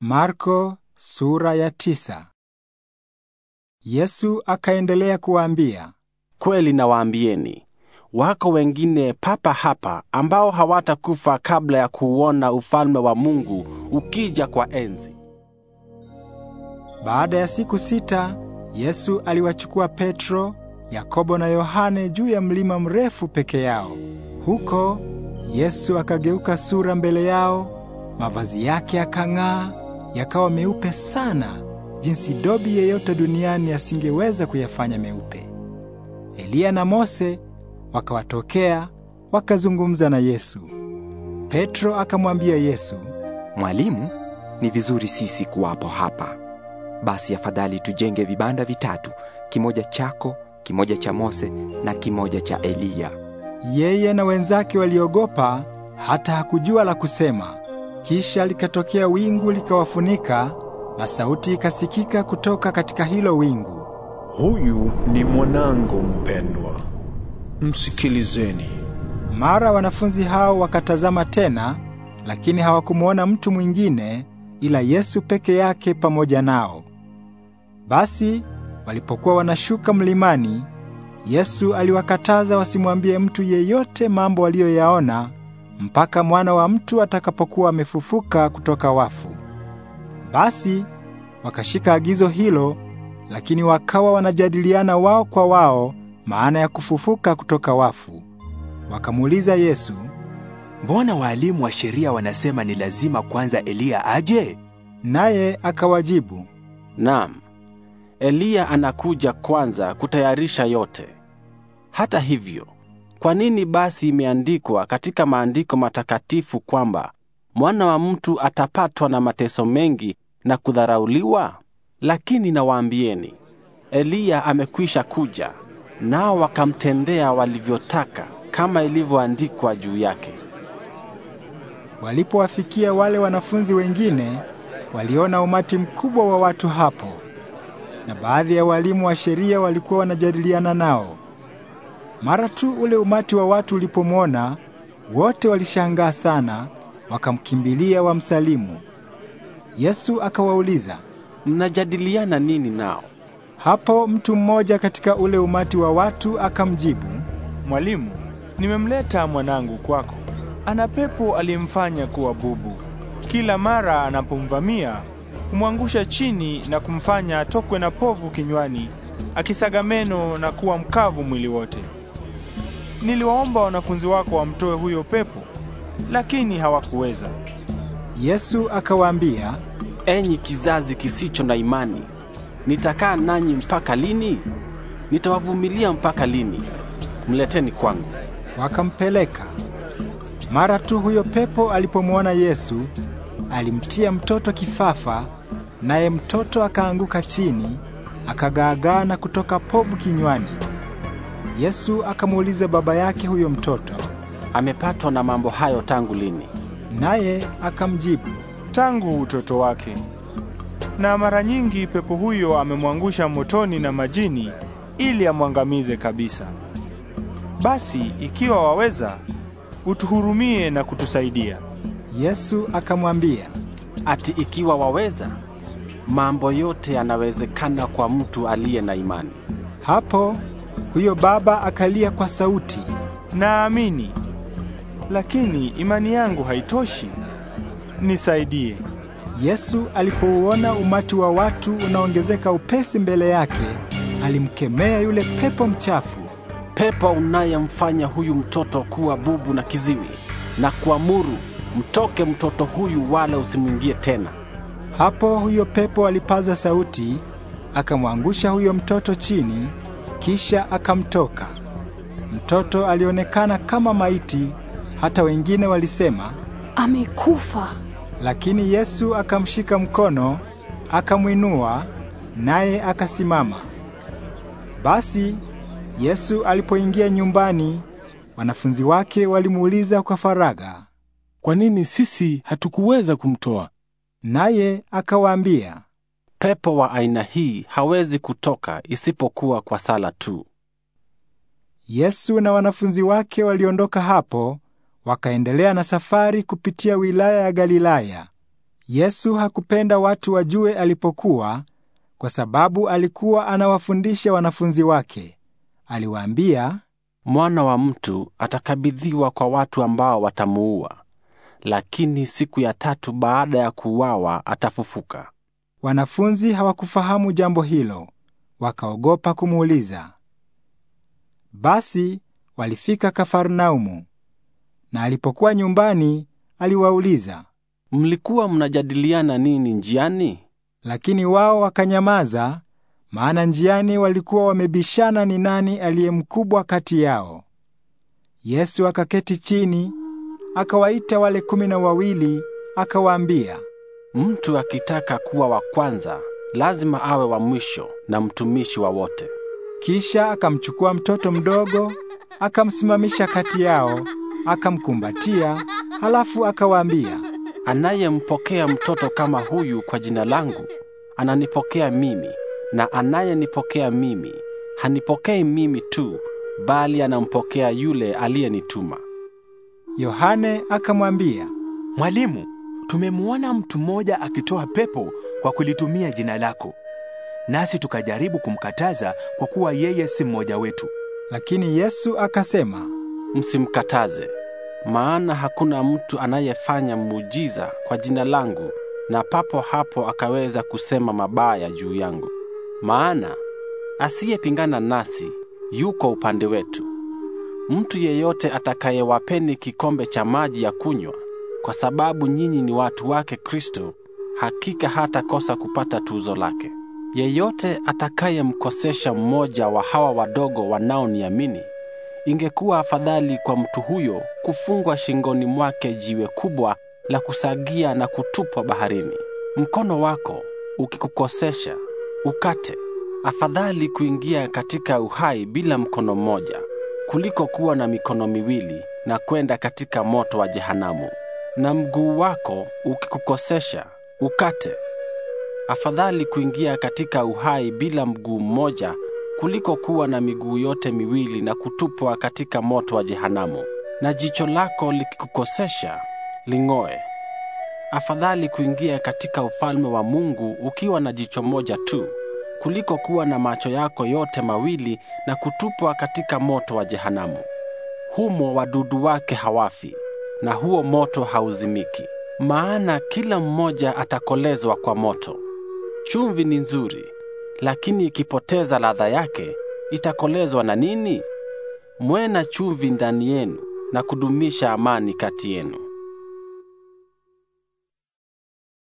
Marko sura ya tisa. Yesu akaendelea kuwaambia, kweli nawaambieni, wako wengine papa hapa ambao hawatakufa kabla ya kuuona ufalme wa Mungu ukija kwa enzi. Baada ya siku sita, Yesu aliwachukua Petro, Yakobo na Yohane juu ya mlima mrefu peke yao. Huko Yesu akageuka sura mbele yao, mavazi yake akang'aa yakawa meupe sana jinsi dobi yeyote duniani asingeweza kuyafanya meupe. Eliya na Mose wakawatokea wakazungumza na Yesu. Petro akamwambia Yesu, Mwalimu, ni vizuri sisi kuwapo hapa. Basi afadhali tujenge vibanda vitatu, kimoja chako, kimoja cha Mose na kimoja cha Eliya. Yeye na wenzake waliogopa hata hakujua la kusema. Kisha likatokea wingu likawafunika, na sauti ikasikika kutoka katika hilo wingu, huyu ni mwanangu mpendwa, msikilizeni. Mara wanafunzi hao wakatazama tena, lakini hawakumwona mtu mwingine ila Yesu peke yake pamoja nao. Basi walipokuwa wanashuka mlimani, Yesu aliwakataza wasimwambie mtu yeyote mambo waliyoyaona mpaka mwana wa mtu atakapokuwa amefufuka kutoka wafu. Basi wakashika agizo hilo, lakini wakawa wanajadiliana wao kwa wao maana ya kufufuka kutoka wafu. Wakamuuliza Yesu, mbona waalimu wa sheria wanasema ni lazima kwanza Eliya aje? Naye akawajibu, naam, Eliya anakuja kwanza kutayarisha yote. Hata hivyo kwa nini basi imeandikwa katika maandiko matakatifu kwamba mwana wa mtu atapatwa na mateso mengi na kudharauliwa? Lakini nawaambieni, Eliya amekwisha kuja, nao wakamtendea walivyotaka kama ilivyoandikwa juu yake. Walipowafikia wale wanafunzi wengine, waliona umati mkubwa wa watu hapo, na baadhi ya walimu wa sheria walikuwa wanajadiliana nao. Mara tu ule umati wa watu ulipomwona, wote walishangaa sana, wakamkimbilia wamsalimu. Yesu akawauliza, mnajadiliana nini nao? Hapo mtu mmoja katika ule umati wa watu akamjibu, Mwalimu, nimemleta mwanangu kwako. Ana pepo aliyemfanya kuwa bubu. Kila mara anapomvamia humwangusha chini na kumfanya atokwe na povu kinywani, akisaga meno na kuwa mkavu mwili wote niliwaomba wanafunzi wako wamtoe huyo pepo, lakini hawakuweza. Yesu akawaambia, enyi kizazi kisicho na imani, nitakaa nanyi mpaka lini? Nitawavumilia mpaka lini? Mleteni kwangu. Wakampeleka. Mara tu huyo pepo alipomwona Yesu, alimtia mtoto kifafa, naye mtoto akaanguka chini, akagaagaa na kutoka povu kinywani. Yesu akamuuliza baba yake huyo mtoto, amepatwa na mambo hayo tangu lini? Naye akamjibu, tangu utoto wake, na mara nyingi pepo huyo amemwangusha motoni na majini ili amwangamize kabisa. Basi ikiwa waweza, utuhurumie na kutusaidia. Yesu akamwambia, ati ikiwa waweza? Mambo yote yanawezekana kwa mtu aliye na imani. Hapo huyo baba akalia kwa sauti, naamini, lakini imani yangu haitoshi, nisaidie. Yesu alipouona umati wa watu unaongezeka upesi mbele yake, alimkemea yule pepo mchafu, pepo unayemfanya huyu mtoto kuwa bubu na kiziwi, na kuamuru mtoke mtoto huyu, wala usimwingie tena. Hapo huyo pepo alipaza sauti, akamwangusha huyo mtoto chini kisha akamtoka mtoto. Alionekana kama maiti, hata wengine walisema amekufa. Lakini Yesu akamshika mkono, akamwinua, naye akasimama. Basi Yesu alipoingia nyumbani, wanafunzi wake walimuuliza kwa faraga kwa nini sisi hatukuweza kumtoa? Naye akawaambia, Pepo wa aina hii hawezi kutoka isipokuwa kwa sala tu. Yesu na wanafunzi wake waliondoka hapo, wakaendelea na safari kupitia wilaya ya Galilaya. Yesu hakupenda watu wajue alipokuwa, kwa sababu alikuwa anawafundisha wanafunzi wake. Aliwaambia, Mwana wa mtu atakabidhiwa kwa watu ambao watamuua, lakini siku ya tatu baada ya kuuawa atafufuka. Wanafunzi hawakufahamu jambo hilo, wakaogopa kumuuliza. Basi walifika Kafarnaumu, na alipokuwa nyumbani aliwauliza, mlikuwa mnajadiliana nini njiani? Lakini wao wakanyamaza, maana njiani walikuwa wamebishana ni nani aliye mkubwa kati yao. Yesu akaketi chini, akawaita wale kumi na wawili, akawaambia, Mtu akitaka kuwa wa kwanza lazima awe wa mwisho na mtumishi wa wote. Kisha akamchukua mtoto mdogo, akamsimamisha kati yao, akamkumbatia, halafu akawaambia, anayempokea mtoto kama huyu kwa jina langu ananipokea mimi, na anayenipokea mimi hanipokei mimi tu, bali anampokea yule aliyenituma. Yohane akamwambia, Mwalimu, tumemwona mtu mmoja akitoa pepo kwa kulitumia jina lako, nasi tukajaribu kumkataza kwa kuwa yeye si mmoja wetu. Lakini Yesu akasema, msimkataze, maana hakuna mtu anayefanya muujiza kwa jina langu na papo hapo akaweza kusema mabaya juu yangu. Maana asiyepingana nasi yuko upande wetu. Mtu yeyote atakayewapeni kikombe cha maji ya kunywa kwa sababu nyinyi ni watu wake Kristo, hakika hatakosa kupata tuzo lake. Yeyote atakayemkosesha mmoja wa hawa wadogo wanaoniamini, ingekuwa afadhali kwa mtu huyo kufungwa shingoni mwake jiwe kubwa la kusagia na kutupwa baharini. Mkono wako ukikukosesha, ukate. Afadhali kuingia katika uhai bila mkono mmoja kuliko kuwa na mikono miwili na kwenda katika moto wa jehanamu na mguu wako ukikukosesha ukate. Afadhali kuingia katika uhai bila mguu mmoja kuliko kuwa na miguu yote miwili na kutupwa katika moto wa jehanamu. Na jicho lako likikukosesha ling'oe. Afadhali kuingia katika ufalme wa Mungu ukiwa na jicho moja tu kuliko kuwa na macho yako yote mawili na kutupwa katika moto wa jehanamu. Humo wadudu wake hawafi na huo moto hauzimiki, maana kila mmoja atakolezwa kwa moto. Chumvi ni nzuri, lakini ikipoteza ladha yake itakolezwa na nini? Mwe na chumvi ndani yenu na kudumisha amani kati yenu.